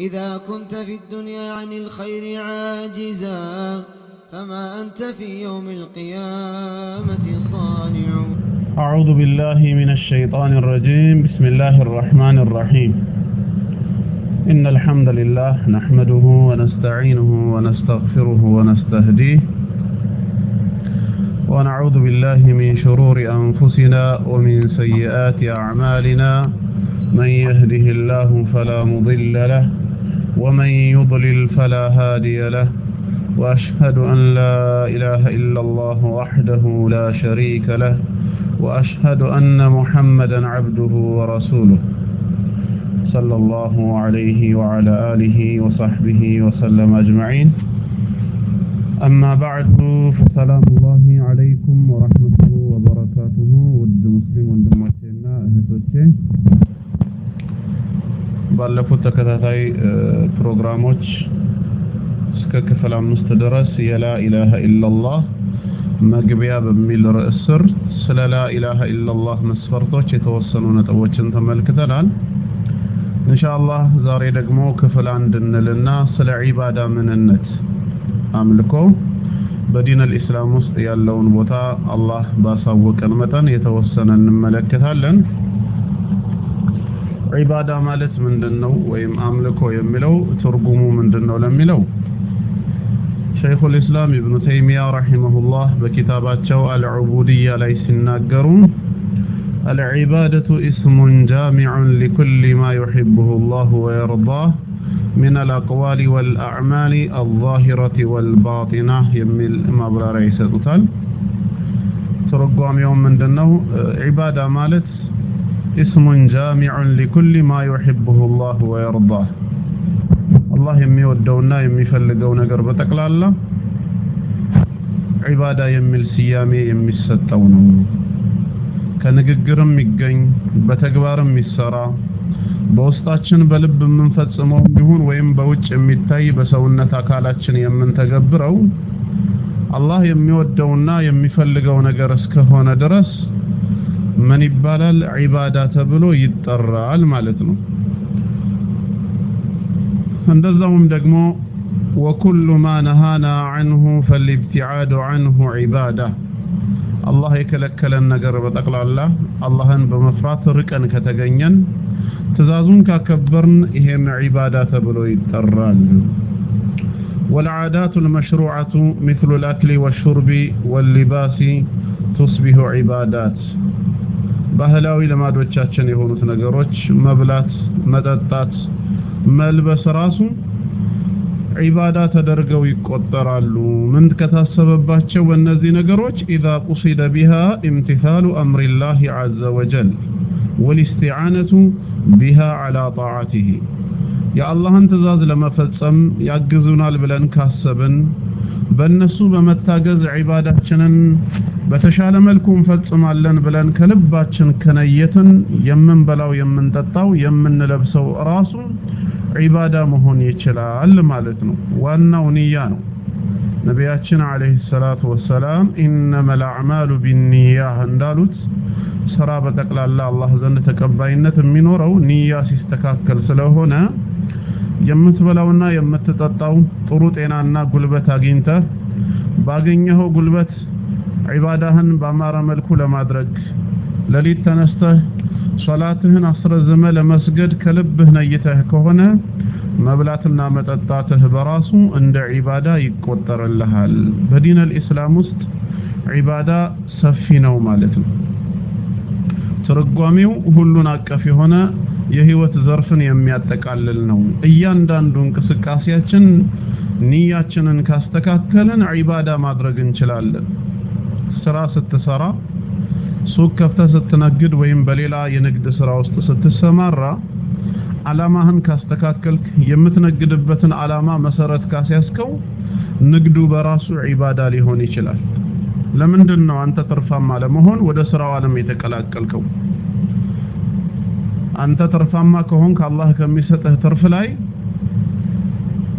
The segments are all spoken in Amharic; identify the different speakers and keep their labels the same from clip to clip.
Speaker 1: إذا كنت في الدنيا عن الخير عاجزا فما أنت في يوم القيامة صانع أعوذ بالله من الشيطان الرجيم بسم الله الرحمن الرحيم إن الحمد لله نحمده ونستعينه ونستغفره ونستهديه ونعوذ بالله من شرور أنفسنا ومن سيئات أعمالنا من يهده الله فلا مضل له ومن يضلل فلا هادي له وأشهد أن لا إله إلا الله وحده لا شريك له وأشهد أن محمدا عبده ورسوله صلى الله عليه وعلى آله وصحبه وسلم أجمعين أما بعد فسلام الله عليكم ورحمته وبركاته مسلم ود مسلم ባለፉት ተከታታይ ፕሮግራሞች እስከ ክፍል አምስት ድረስ የላ ኢላሀ ኢላላህ መግቢያ በሚል ርዕስ ስር ስለ ላ ኢላሀ ኢላላህ መስፈርቶች የተወሰኑ ነጥቦችን ተመልክተናል። ኢንሻአላህ ዛሬ ደግሞ ክፍል አንድ እንልና ስለ ዒባዳ ምንነት አምልኮ በዲን አልኢስላም ውስጥ ያለውን ቦታ አላህ ባሳወቀን መጠን የተወሰነ እንመለከታለን። ዒባዳ ማለት ምንድን ነው ወይም አምልኮ የሚለው ትርጉሙ ምንድን ነው ለሚለው ሸይኹል ኢስላም ኢብኑ ተይሚያ ረሂመሁላህ በኪታባቸው አልዑቡድያ ላይ ሲናገሩ العبادة اسم جامع لكل ما يحبه الله ويرضاه من الأقوال والأعمال الظاهرة والباطنة يمل مبرر يسطوتال ترقوام يوم من دنو عبادة مالت اسم جامع لكل ما يحبه الله ويرضاه አላህ የሚወደውና የሚፈልገው ነገር በጠቅላላ عباده የሚል ስያሜ የሚሰጠው ነው። كنغغرم يغني በተግባርም يسرا በውስጣችን በልብ የምንፈጽመው ይሁን ወይም በውጭ የሚታይ በሰውነት አካላችን የምንተገብረው አላህ የሚወደውና የሚፈልገው ነገር እስከሆነ ድረስ ምን ይባላል? ዒባዳ ተብሎ ይጠራል ማለት ነው። እንደዛውም ደግሞ ወኩሉ ማ ነሃና አንሁ ፈልብትዓዱ አንሁ ዒባዳ አላህ የከለከለን ነገር በጠቅላላ አላህን በመፍራት ርቀን ከተገኘን ትእዛዙን ካከበርን ይሄም ዒባዳ ተብሎ ይጠራል። والعادات المشروعة مثل الأكل والشرب واللباس تصبح عبادات ባህላዊ ልማዶቻችን የሆኑት ነገሮች መብላት፣ መጠጣት፣ መልበስ ራሱ ዒባዳ ተደርገው ይቆጠራሉ። ምን ከታሰበባቸው በእነዚህ ነገሮች ኢዛ ቁሲደ ቢሃ ኢምቲሳሉ አምሪላሂ ዐዘ ወጀል ወልእስቲዓነቱ ቢሃ ዐላ ጣዓቲሂ የአላህን ትዕዛዝ ለመፈጸም ያግዙናል ብለን ካሰብን በእነሱ በመታገዝ ዒባዳችንን በተሻለ መልኩ እንፈጽማለን ብለን ከልባችን ከነየትን የምንበላው የምንጠጣው የምንለብሰው ራሱ ዒባዳ መሆን ይችላል ማለት ነው። ዋናው ንያ ነው። ነቢያችን አለይሂ ሰላቱ ወሰላም ኢነመል አዕማሉ ቢንኒያህ እንዳሉት ስራ በጠቅላላ አላህ ዘንድ ተቀባይነት የሚኖረው ንያ ሲስተካከል ስለሆነ የምትበላውና የምትጠጣው ጥሩ ጤናና ጉልበት አግኝተህ ባገኘኸው ጉልበት ዒባዳህን በአማረ መልኩ ለማድረግ ለሊት ተነስተህ ሶላትህን አስረዝመ ለመስገድ ከልብህ ነይተህ ከሆነ መብላትና መጠጣትህ በራሱ እንደ ዒባዳ ይቆጠርልሃል። በዲን አልኢስላም ውስጥ ዒባዳ ሰፊ ነው ማለት ነው። ትርጓሜው ሁሉን አቀፍ የሆነ የህይወት ዘርፍን የሚያጠቃልል ነው። እያንዳንዱ እንቅስቃሴያችን ንያችንን ካስተካከልን ዒባዳ ማድረግ እንችላለን። ስራ ስትሰራ ሱቅ ከፍተ ስትነግድ ወይም በሌላ የንግድ ስራ ውስጥ ስትሰማራ አላማህን ካስተካከልክ የምትነግድበትን አላማ መሰረት ካስያዝከው ንግዱ በራሱ ዒባዳ ሊሆን ይችላል። ለምንድን ነው አንተ ትርፋማ ለመሆን ወደ ስራው ዓለም የተቀላቀልከው? አንተ ትርፋማ ከሆን አላህ ከሚሰጥህ ትርፍ ላይ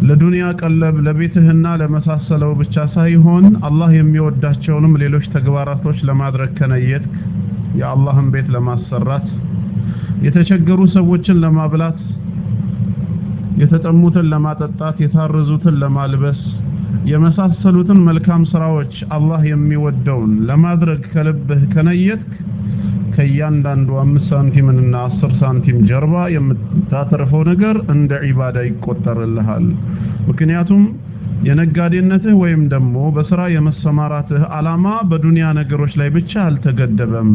Speaker 1: ለዱንያ ቀለብ ለቤትህና ለመሳሰለው ብቻ ሳይሆን አላህ የሚወዳቸውንም ሌሎች ተግባራቶች ለማድረግ ከነየት የአላህን ቤት ለማሰራት የተቸገሩ ሰዎችን ለማብላት፣ የተጠሙትን ለማጠጣት፣ የታረዙትን ለማልበስ የመሳሰሉትን መልካም ስራዎች አላህ የሚወደውን ለማድረግ ከልብህ ከነየት ከእያንዳንዱ አምስት ሳንቲምንና አስር ሳንቲም ጀርባ የምታተርፈው ነገር እንደ ዒባዳ ይቆጠርልሃል። ምክንያቱም የነጋዴነትህ ወይም ደግሞ በስራ የመሰማራትህ ዓላማ በዱንያ ነገሮች ላይ ብቻ አልተገደበም።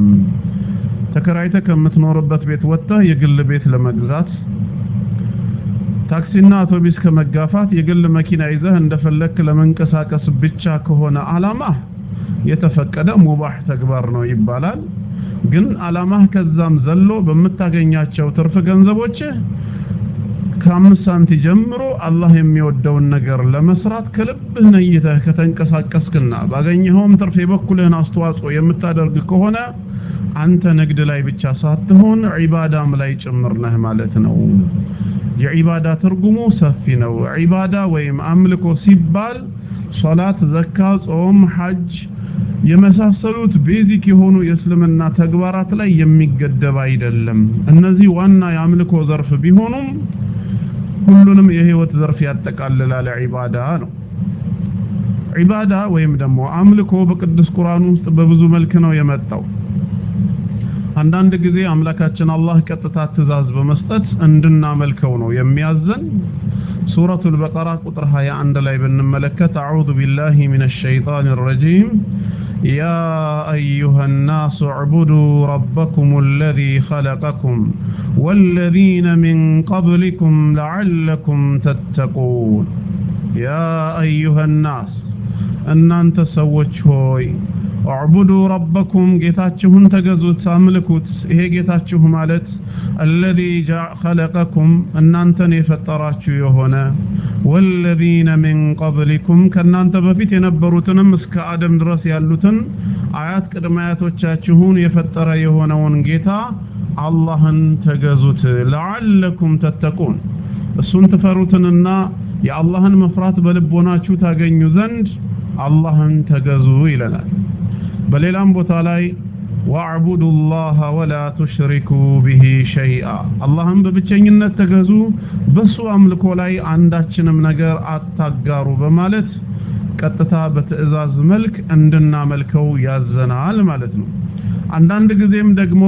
Speaker 1: ተከራይተህ ከምትኖርበት ቤት ወጥተህ የግል ቤት ለመግዛት ታክሲና አውቶቢስ ከመጋፋት የግል መኪና ይዘህ እንደፈለክ ለመንቀሳቀስ ብቻ ከሆነ ዓላማ የተፈቀደ ሙባህ ተግባር ነው ይባላል። ግን አላማህ ከዛም ዘሎ በምታገኛቸው ትርፍ ገንዘቦች ከአምስት ሳንቲ ጀምሮ አላህ የሚወደውን ነገር ለመስራት ከልብህ ነይተህ ከተንቀሳቀስክና ባገኘኸውም ትርፍ የበኩልህን አስተዋጽኦ የምታደርግ ከሆነ አንተ ንግድ ላይ ብቻ ሳትሆን ዒባዳም ላይ ጭምር ነህ ማለት ነው። የዒባዳ ትርጉሙ ሰፊ ነው። ዒባዳ ወይም አምልኮ ሲባል ሶላት፣ ዘካ፣ ጾም፣ ሐጅ የመሳሰሉት ቤዚክ የሆኑ የእስልምና ተግባራት ላይ የሚገደብ አይደለም። እነዚህ ዋና የአምልኮ ዘርፍ ቢሆኑም ሁሉንም የህይወት ዘርፍ ያጠቃልላል ዒባዳ ነው። ዒባዳ ወይም ደግሞ አምልኮ በቅዱስ ቁርአን ውስጥ በብዙ መልክ ነው የመጣው። አንዳንድ ጊዜ አምላካችን አላህ ቀጥታ ትእዛዝ በመስጠት እንድናመልከው ነው የሚያዘን። ሱረቱል በቀራ ቁጥር 21 ላይ ብንመለከት አዑዙ ቢላሂ ሚነሽ ሸይጣኒር ረጂም يا أيها الناس اعبدوا ربكم الذي خلقكم والذين من قبلكم لعلكم تتقون يا أيها الناس أن أنت هوي اعبدوا ربكم جيتاتشهم تجزوا تاملكوت هي جيتاتشهم مالت الذي جع خلقكم أن أنت نفتراتشو يهونا والذين من قبلكم كنا أنت بفيت نبروتن مسك آدم درس يالوتن آيات كدما يتوچاچهون يفتر يهون ونجيتا الله تجزوت لعلكم تتقون السن تفروتن النا يا الله مفرات بلبونا شو تاقين يزند الله تجزو إلنا بل الان بوتالاي ወአዕቡዱ ላህ ወላ ቱሽሪኩ ቢሂ ሸይአ አላህም በብቸኝነት ተገዙ፣ በሱ አምልኮ ላይ አንዳችንም ነገር አታጋሩ በማለት ቀጥታ በትዕዛዝ መልክ እንድናመልከው ያዘናል ማለት ነው። አንዳንድ ጊዜም ደግሞ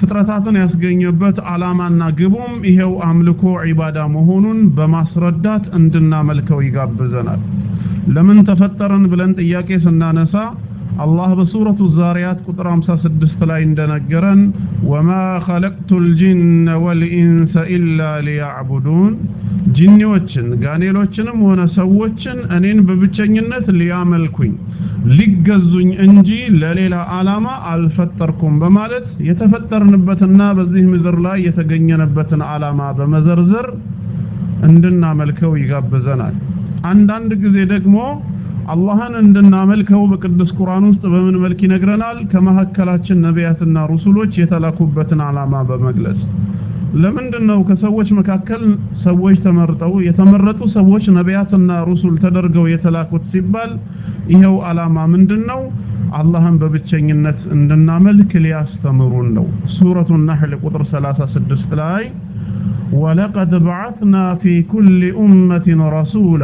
Speaker 1: ፍጥረታትን ያስገኘበት ዓላማና ግቡም ይሄው አምልኮ ዒባዳ መሆኑን በማስረዳት እንድናመልከው ይጋብዘናል። ለምን ተፈጠረን ብለን ጥያቄ ስናነሳ አላህ በሱረቱ ዛሪያት ቁጥር 56 ላይ እንደነገረን ወማ ኸለቅቱ ልጅነ ወልኢንሰ ኢላ ሊያዕቡዱን ጂኒዎችን ጋኔሎችንም ሆነ ሰዎችን እኔን በብቸኝነት ሊያመልኩኝ ሊገዙኝ እንጂ ለሌላ ዓላማ አልፈጠርኩም በማለት የተፈጠርንበትና በዚህ ምድር ላይ የተገኘንበትን ዓላማ በመዘርዘር እንድናመልከው ይጋብዘናል። አንዳንድ ጊዜ ደግሞ አላህን እንድናመልከው በቅዱስ ቁርአን ውስጥ በምን መልክ ይነግረናል? ከመካከላችን ነቢያትና ሩሱሎች የተላኩበትን ዓላማ በመግለጽ ለምንድን ነው ከሰዎች መካከል ሰዎች ተመርጠው የተመረጡ ሰዎች ነቢያትና ሩሱል ተደርገው የተላኩት ሲባል ይኸው ዓላማ ምንድን ነው? አላህን በብቸኝነት እንድናመልክ ሊያስተምሩን ነው። ሱረቱ ነሕል ቁጥር 36 ላይ ወለቀድ በዓትና ፊ ኩሊ ኡመቲን ረሱላ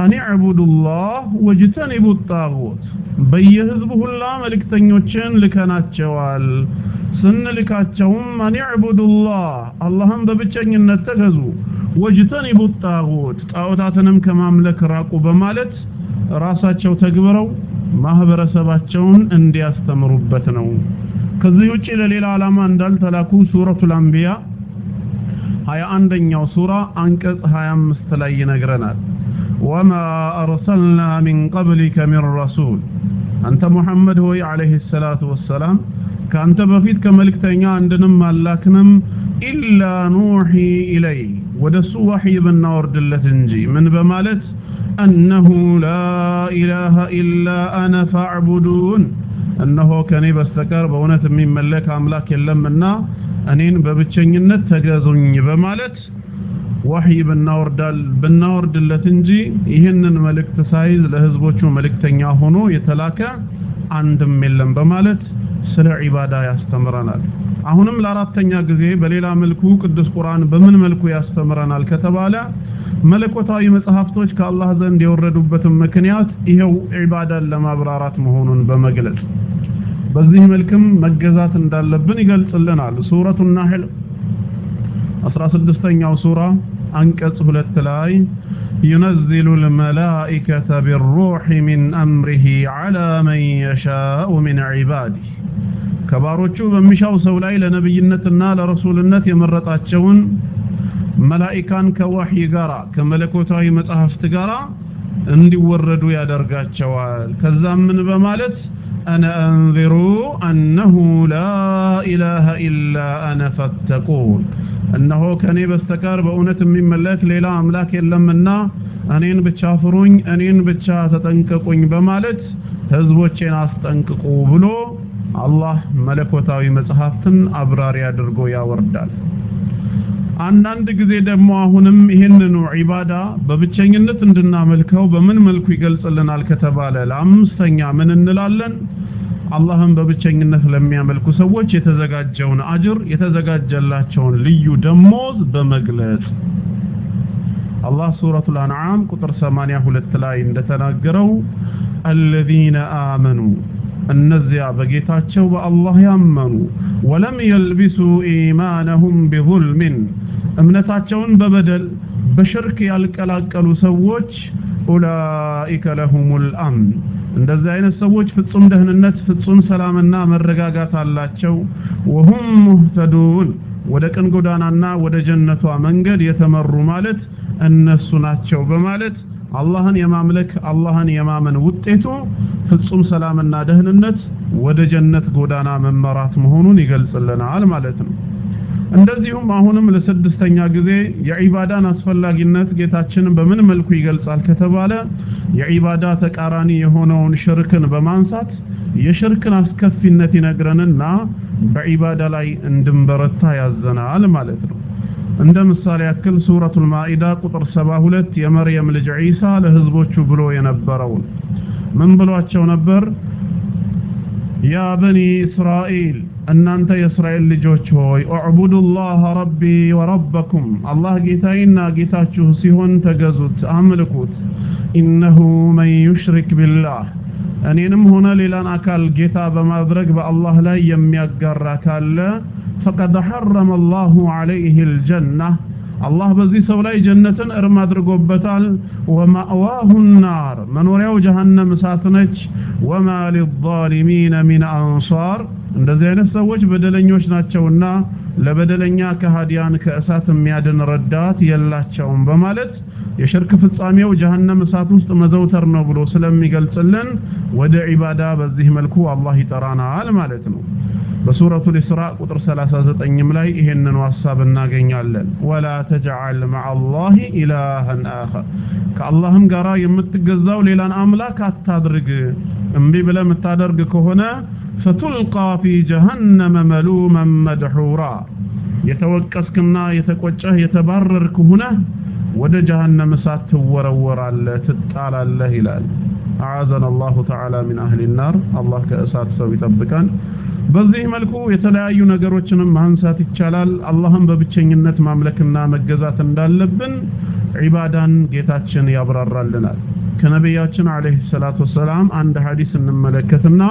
Speaker 1: አን ዕቡዱላህ ወጅተኒቡ ጣጉት በየህዝቡ ሁላ መልእክተኞችን ልከናቸዋል። ስንልካቸውም አን ዕቡዱላህ አላህን በብቸኝነት ተገዙ፣ ወጅተኒቡ ጣጉት ጣዖታትንም ከማምለክ ራቁ በማለት ራሳቸው ተግብረው ማህበረሰባቸውን እንዲያስተምሩበት ነው። ከዚህ ውጪ ለሌላ ዓላማ እንዳልተላኩ ሱረቱል አንቢያ ሀያ አንደኛው ሱራ አንቀጽ 25 አምስት ላይ ይነግረናል። وما أرسلنا من قبلك من رسول أنت محمد هوي عليه الصلاة والسلام ከአንተ በፊት ከመልእክተኛ አንድንም አላክንም ኢላ ኑሒ ኢለይ ወደ እሱ ወሕይ ብናወርድለት እንጂ ምን በማለት أنه لا إله إلا أنا فاعبدون እነሆ ከኔ በስተቀር በእውነት የሚመለክ አምላክ የለምና እኔን በብቸኝነት ተገዙኝ በማለት ወህይ ብናወርዳል ብናወርድለት እንጂ ይህንን መልእክት ሳይዝ ለህዝቦቹ መልእክተኛ ሆኖ የተላከ አንድም የለም በማለት ስለ ዒባዳ ያስተምረናል። አሁንም ለአራተኛ ጊዜ በሌላ መልኩ ቅዱስ ቁርአን በምን መልኩ ያስተምረናል ከተባለ መለኮታዊ መጽሐፍቶች ከአላህ ዘንድ የወረዱበትን ምክንያት ይሄው ዒባዳን ለማብራራት መሆኑን በመግለጽ በዚህ መልክም መገዛት እንዳለብን ይገልጽልናል ሱረቱ ናህል سورة أنكس بلتلاي ينزل الملائكة بالروح من أمره على من يشاء من عباده كبارو تشوف مشاو سولاي لنبي النتنا لرسول النت مرت أتشون ملائكة كوحي قرا كملكوت هاي متأهف تقرا اندي وردوا يا درقات شوال كزام من بمالت أنا أنذر أنه لا إله إلا أنا فاتقون እነሆ ከኔ በስተቀር በእውነት የሚመለክ ሌላ አምላክ የለምና እኔን ብቻ ፍሩኝ፣ እኔን ብቻ ተጠንቀቁኝ በማለት ህዝቦቼን አስጠንቅቁ ብሎ አላህ መለኮታዊ መጽሐፍትን አብራሪ አድርጎ ያወርዳል። አንዳንድ ጊዜ ደግሞ አሁንም ይህንኑ ዒባዳ በብቸኝነት እንድናመልከው በምን መልኩ ይገልጽልናል ከተባለ ለአምስተኛ ምን እንላለን? አላህን በብቸኝነት ለሚያመልኩ ሰዎች የተዘጋጀውን አጅር የተዘጋጀላቸውን ልዩ ደሞዝ በመግለጽ አላህ ሱረቱል አንዓም ቁጥር 82 ላይ እንደተናገረው الذين آمنوا እነዚያ በጌታቸው በአላህ ያመኑ ወለም የልብሱ ኢማነሁም ቢዙልምን እምነታቸውን በበደል በሽርክ ያልቀላቀሉ ሰዎች ኡላኢከ ለሁሙል አምን እንደዚህ አይነት ሰዎች ፍጹም ደህንነት፣ ፍጹም ሰላምና መረጋጋት አላቸው። ወሁም ሙህተዱን ወደ ቅን ጎዳናና ወደ ጀነቷ መንገድ የተመሩ ማለት እነሱ ናቸው በማለት አላህን የማምለክ አላህን የማመን ውጤቱ ፍጹም ሰላምና ደህንነት ወደ ጀነት ጎዳና መመራት መሆኑን ይገልጽልናል ማለት ነው። እንደዚሁም አሁንም ለስድስተኛ ጊዜ የዒባዳን አስፈላጊነት ጌታችን በምን መልኩ ይገልጻል ከተባለ የዒባዳ ተቃራኒ የሆነውን ሽርክን በማንሳት የሽርክን አስከፊነት ይነግረንና በዒባዳ ላይ እንድንበረታ ያዘናል ማለት ነው። እንደ ምሳሌ ያክል ሱረቱ ማኢዳ ቁጥር 72 የመርየም ልጅ ዒሳ ለህዝቦቹ ብሎ የነበረውን ምን ብሏቸው ነበር? ያ በኒ እስራኤል እናንተ የእስራኤል ልጆች ሆይ እዕቡዱላህ ረቢ ወረበኩም አላህ ጌታዬና ጌታችሁ ሲሆን ተገዙት፣ አምልኩት። ኢነሁ መን ዩሽሪክ ቢላህ እኔንም ሆነ ሌላን አካል ጌታ በማድረግ በአላህ ላይ የሚያጋራ ካለ ፈቀድ ሐረመ አላሁ ዐለይህ ልጀና አላህ በዚህ ሰው ላይ ጀነትን እርም አድርጎበታል። ወማእዋሁ ናር መኖሪያው ጀሀነም እሳት ነች። ወማ ሊዛሊሚነ ሚን አንሳር እንደዚህ አይነት ሰዎች በደለኞች ናቸውና ለበደለኛ ከሃዲያን ከእሳት የሚያድን ረዳት የላቸውም በማለት የሽርክ ፍጻሜው ጀሀነም እሳት ውስጥ መዘውተር ነው ብሎ ስለሚገልጽልን ወደ ዒባዳ በዚህ መልኩ አላህ ይጠራናል ማለት ነው። በሱረቱ ኢስራእ ቁጥር 39 ላይ ይሄንን ሐሳብ እናገኛለን። ወላ ተጅዐል መዐላሂ ኢላሃን አኸር፣ ከአላህም ጋራ የምትገዛው ሌላን አምላክ አታድርግ። እምቢ ብለ የምታደርግ ከሆነ فتلقى في جهنم ملوما مدحورا يتوكس كنا يتكوچه يتبرر كهنا ود جهنم سات ورورال تطال الله هلال اعاذنا الله تعالى من اهل النار الله كاسات سوي تبكان سو يطبقان በዚህ መልኩ የተለያዩ ነገሮችንም ማንሳት ይቻላል አላህም በብቸኝነት ማምለክና መገዛት እንዳለብን ዒባዳን ጌታችን ያብራራልናል عليه الصلاة والسلام عند አንድ ሀዲስ ملكتنا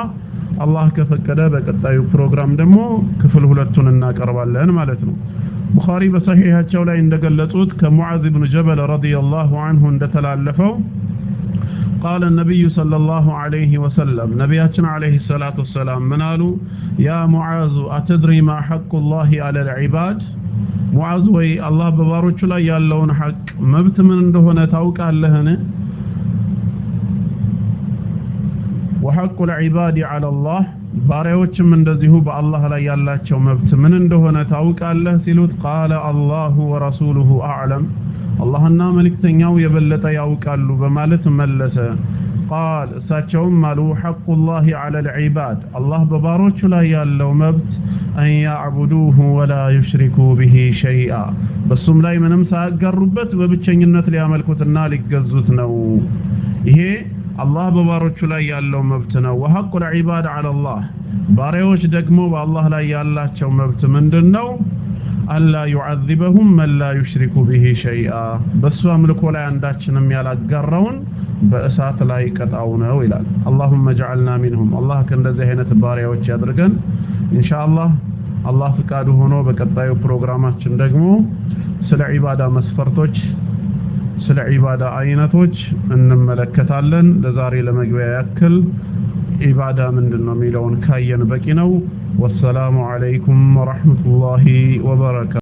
Speaker 1: الله كفكده بكتايو بروغرام دمو كفل هلتون الناكر والان مالتنو بخاري بصحيحة شولا عندك اللتوت كمعاذ بن جبل رضي الله عنه اندتل علفو قال النبي صلى الله عليه وسلم نبياتنا عليه الصلاة والسلام منالو يا معاذ أتدري ما حق الله على العباد معاذ وي الله بباروچ لا يالون حق مبت من اندهونا تاوك اللهنه وحق العباد على الله باريوش من دزيهوب الله لا يالله ومبت من اندهونا تاوك الله سيلوت قال الله ورسوله أعلم الله النام الكتن يو يبلت يوك الله بمالت ملسة قال ساتشوم مالو حق الله على العباد الله بباروش لا يالله ومبت أن يعبدوه ولا يشركوا به شيئا بس هم لا يمنم ساقر ربت وبتشنجنت لي عملكوتنا لك جزوتنا አላህ በባሮቹ ላይ ያለው መብት ነው። ወሐቁል ዒባድ ዐለላህ ባሪያዎች ደግሞ በአላህ ላይ ያላቸው መብት ምንድን ነው? አላ ዩዐዚበሁም መላ ዩሽሪኩ ቢሂ ሸይአ በሱ አምልኮ ላይ አንዳችንም ያላጋራውን በእሳት ላይ ቀጣው ነው ይላል። አላሁመ ጀዐልና ሚንሁም አላህ ከእንደዚህ አይነት ባሪያዎች ያድርገን ኢንሻአላህ። አላህ ፍቃዱ ሆኖ በቀጣዩ ፕሮግራማችን ደግሞ ስለ ዒባዳ መስፈርቶች ስለ ዒባዳ አይነቶች እንመለከታለን። ለዛሬ ለመግቢያ ያክል ዒባዳ ምንድን ነው የሚለውን ካየን በቂ ነው። ወሰላሙ አለይኩም ወራህመቱላሂ ወበረካቱ።